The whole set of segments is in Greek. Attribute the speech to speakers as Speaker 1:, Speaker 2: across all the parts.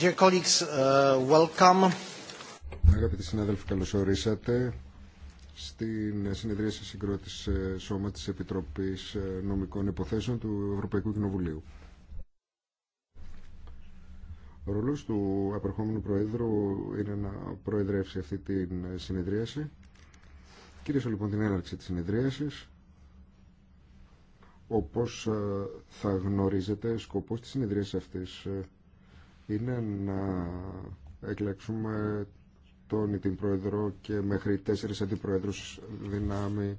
Speaker 1: Dear uh,
Speaker 2: welcome. Αγαπητοί συνάδελφοι, καλώς ορίσατε στην συνεδρίαση συγκρότησης ε, Σώμα της Επιτροπής ε, Νομικών Υποθέσεων του Ευρωπαϊκού Κοινοβουλίου. Ο ρόλος του απερχόμενου Προέδρου είναι να προεδρεύσει αυτή τη συνεδρίαση. Κυρίσω λοιπόν την έναρξη της συνεδρίασης. Όπως ε, θα γνωρίζετε, σκοπός της συνεδρίας αυτής είναι να εκλέξουμε τον ή την Πρόεδρο και μέχρι τέσσερις αντιπροέδρους δυνάμει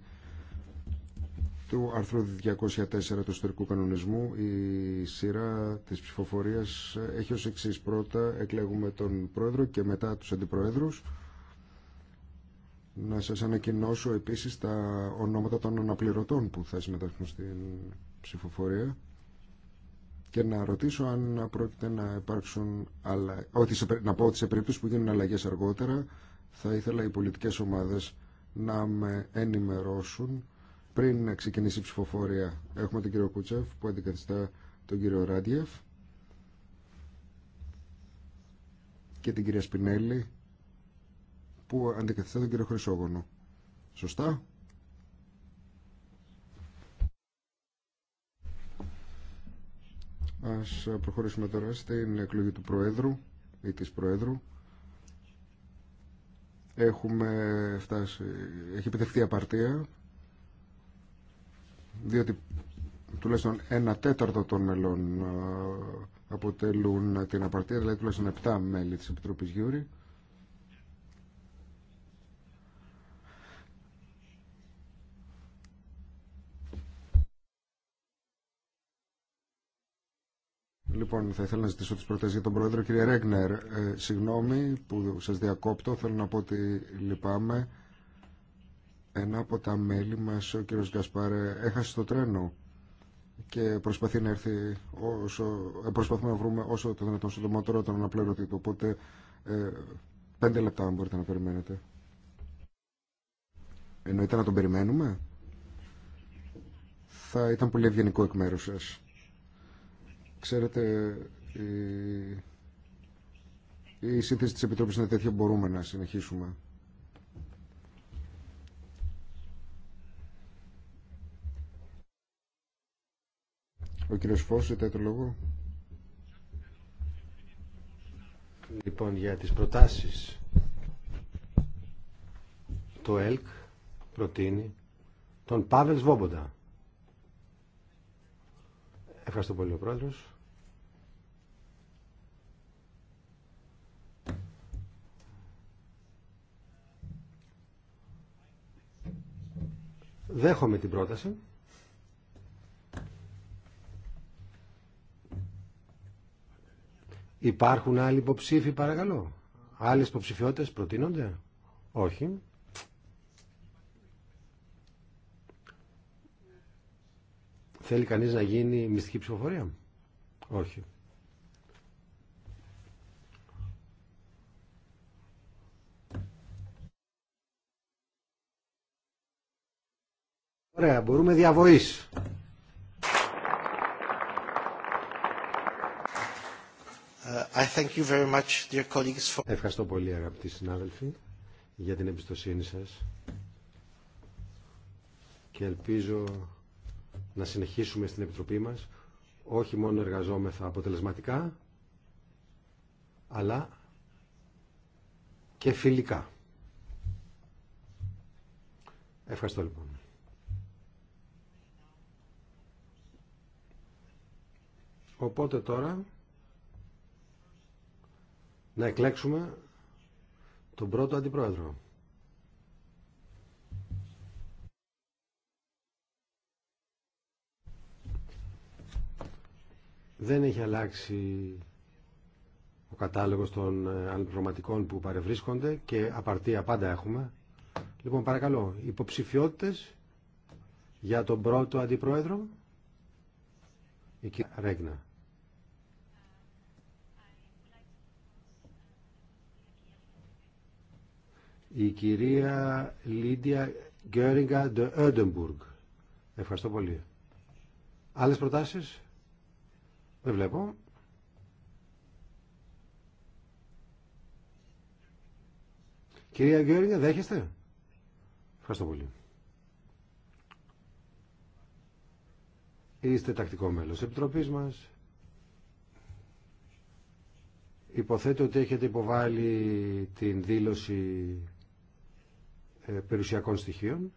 Speaker 2: του άρθρου 204 του ιστορικού κανονισμού η σειρά της ψηφοφορίας έχει ως εξή πρώτα εκλέγουμε τον πρόεδρο και μετά τους αντιπροέδρους να σας ανακοινώσω επίσης τα ονόματα των αναπληρωτών που θα συμμετάσχουν στην ψηφοφορία και να ρωτήσω αν πρόκειται να υπάρξουν αλλα... ότι σε... να πω ότι σε περίπτωση που γίνουν αλλαγές αργότερα θα ήθελα οι πολιτικές ομάδες να με ενημερώσουν πριν ξεκινήσει η ψηφοφορία. Έχουμε τον κύριο Κούτσεφ που αντικαθιστά τον κύριο Ράντιεφ και την κυρία Σπινέλη που αντικαθιστά τον κύριο Χρυσόγωνο. Σωστά. Ας προχωρήσουμε τώρα στην εκλογή του Προέδρου ή της Προέδρου. Έχουμε φτάσει, έχει επιτευχθεί απαρτία, διότι τουλάχιστον ένα τέταρτο των μελών ε, αποτελούν την απαρτία, δηλαδή τουλάχιστον 7 μέλη της Επιτροπής Γιούρη. Λοιπόν, θα ήθελα να ζητήσω τις προτάσεις για τον Πρόεδρο. Κύριε Ρέγνερ, ε, συγγνώμη που σας διακόπτω. Θέλω να πω ότι λυπάμαι. Ένα από τα μέλη μας, ο κύριος Γκασπάρε, έχασε το τρένο και προσπαθεί να έρθει όσο, ε, προσπαθούμε να βρούμε όσο το δυνατόν συντομότερο τον αναπληρωτή του. Οπότε, ε, πέντε λεπτά αν μπορείτε να περιμένετε. Εννοείται να τον περιμένουμε. Θα ήταν πολύ ευγενικό εκ μέρους σας. Ξέρετε, η, η σύνθεση της Επιτροπής είναι τέτοια μπορούμε να συνεχίσουμε. Ο κύριος Φώσης, ζητάει το λόγο. Λοιπόν, για
Speaker 1: τις προτάσεις. Το ΕΛΚ προτείνει τον Παύλ Σβόμποντα Ευχαριστώ πολύ ο Πρόεδρος. Δέχομαι την πρόταση. Υπάρχουν άλλοι υποψήφοι παρακαλώ. Άλλες υποψηφιότητες προτείνονται. Όχι. Θέλει κανείς να γίνει μυστική ψηφοφορία. Όχι. Ωραία, μπορούμε διαβοής. Ε, I Ευχαριστώ πολύ αγαπητοί συνάδελφοι για την εμπιστοσύνη σας και ελπίζω να συνεχίσουμε στην Επιτροπή μας όχι μόνο εργαζόμεθα αποτελεσματικά αλλά και φιλικά. Ευχαριστώ λοιπόν. Οπότε τώρα να εκλέξουμε τον πρώτο αντιπρόεδρο. δεν έχει αλλάξει ο κατάλογος των ε, αντιπροματικών που παρευρίσκονται και απαρτία πάντα έχουμε. Λοιπόν, παρακαλώ, υποψηφιότητες για τον πρώτο αντιπρόεδρο, η κυρία Ρέγνα. Η κυρία Λίντια Γκέριγκα Ευχαριστώ πολύ. Άλλες προτάσεις. Δεν βλέπω. Κυρία Γκέρνια, δέχεστε. Ευχαριστώ πολύ. Είστε τακτικό μέλος Επιτροπής μας. Υποθέτω ότι έχετε υποβάλει την δήλωση ε, περιουσιακών στοιχείων.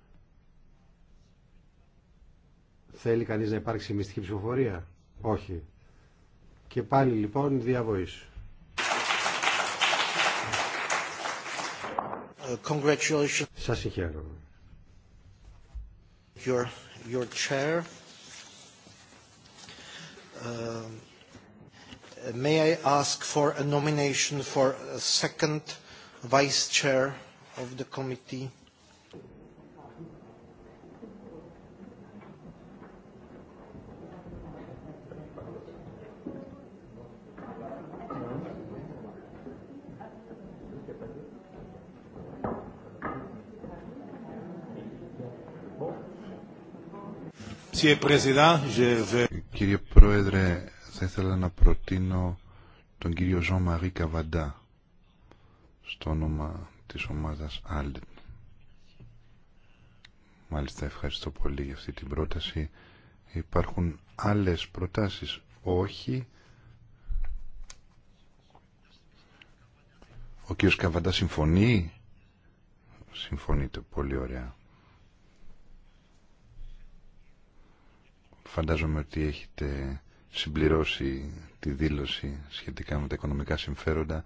Speaker 1: Θέλει κανείς να υπάρξει μυστική ψηφοφορία. Όχι. Και πάλι λοιπόν διαβοής. Congratulations. Σας συγχαίρω. Your, your chair. Uh, may I ask for a nomination for a second vice chair of the committee?
Speaker 3: Κύριε Πρόεδρε, θα ήθελα να προτείνω τον κύριο Ζωμαρί Καβαντά στο όνομα της ομάδας Άλντ. Μάλιστα ευχαριστώ πολύ για αυτή την πρόταση. Υπάρχουν άλλες προτάσεις. Όχι. Ο κύριος Καβαντά συμφωνεί. Συμφωνείτε πολύ ωραία. Φαντάζομαι ότι έχετε συμπληρώσει τη δήλωση σχετικά με τα οικονομικά συμφέροντα.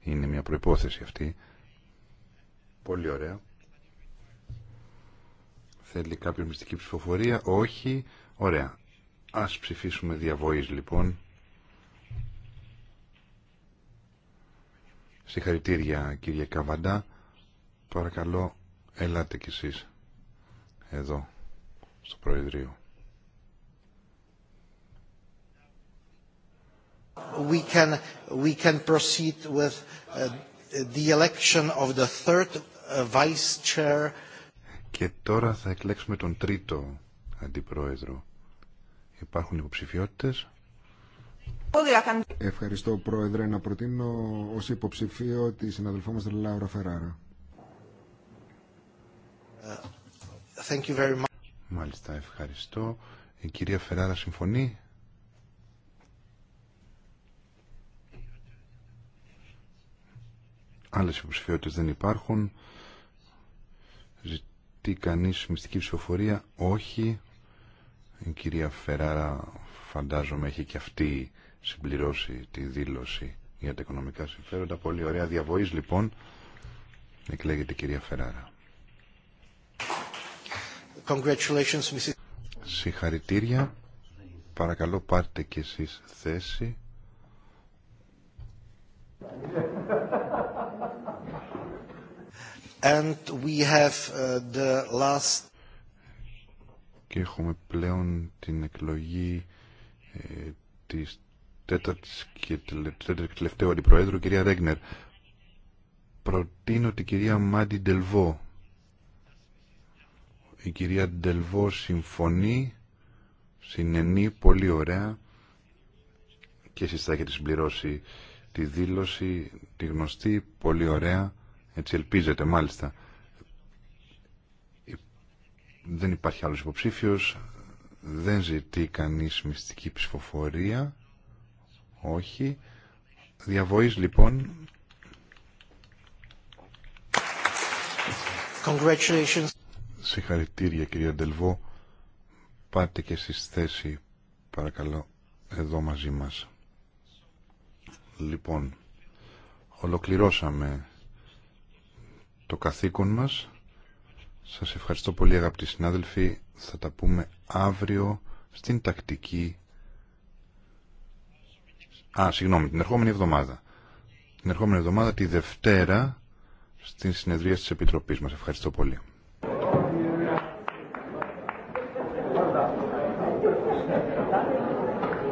Speaker 3: Είναι μια προϋπόθεση αυτή. Πολύ ωραία. Θέλει κάποιο μυστική ψηφοφορία. Όχι. Ωραία. Ας ψηφίσουμε διαβοής λοιπόν. Συγχαρητήρια κύριε Καβαντά. Παρακαλώ έλατε κι εσείς εδώ στο Προεδρείο.
Speaker 1: We can, we can proceed with uh, the election of the third uh, vice chair.
Speaker 3: Και τώρα θα εκλέξουμε τον τρίτο αντιπρόεδρο. Υπάρχουν υποψηφιότητες. Ευχαριστώ Πρόεδρε να προτείνω
Speaker 2: ως υποψηφίο τη συναδελφό μας Λάουρα Φεράρα.
Speaker 1: Uh, thank you very much.
Speaker 3: Μάλιστα, ευχαριστώ. Η κυρία Φεράρα συμφωνεί. Άλλες υποψηφιότητες δεν υπάρχουν. Ζητεί κανείς μυστική ψηφοφορία. Όχι. Η κυρία Φεράρα φαντάζομαι έχει και αυτή συμπληρώσει τη δήλωση για τα οικονομικά συμφέροντα. Πολύ ωραία διαβοής λοιπόν. Εκλέγεται η κυρία Φεράρα.
Speaker 1: Congratulations,
Speaker 3: Συγχαρητήρια. Παρακαλώ πάρτε και εσείς θέση. And
Speaker 1: we have uh, the last...
Speaker 3: Και έχουμε πλέον την εκλογή ε, της τέταρτης και τελευταίου αντιπροέδρου, κυρία Ρέγνερ. Προτείνω την κυρία Μάντι Ντελβό η κυρία Ντελβό συμφωνεί, συνενεί, πολύ ωραία και εσείς θα έχετε συμπληρώσει τη δήλωση, τη γνωστή, πολύ ωραία, έτσι ελπίζετε μάλιστα. Δεν υπάρχει άλλος υποψήφιος, δεν ζητεί κανείς μυστική ψηφοφορία, όχι. Διαβοής λοιπόν.
Speaker 1: Congratulations.
Speaker 3: Συγχαρητήρια κυρία Ντελβό. Πάτε και στη θέση παρακαλώ εδώ μαζί μας. Λοιπόν, ολοκληρώσαμε το καθήκον μας. Σας ευχαριστώ πολύ αγαπητοί συνάδελφοι. Θα τα πούμε αύριο στην τακτική... Α, συγγνώμη, την ερχόμενη εβδομάδα. Την ερχόμενη εβδομάδα, τη Δευτέρα, στην συνεδρία της Επιτροπής μας. Ευχαριστώ πολύ.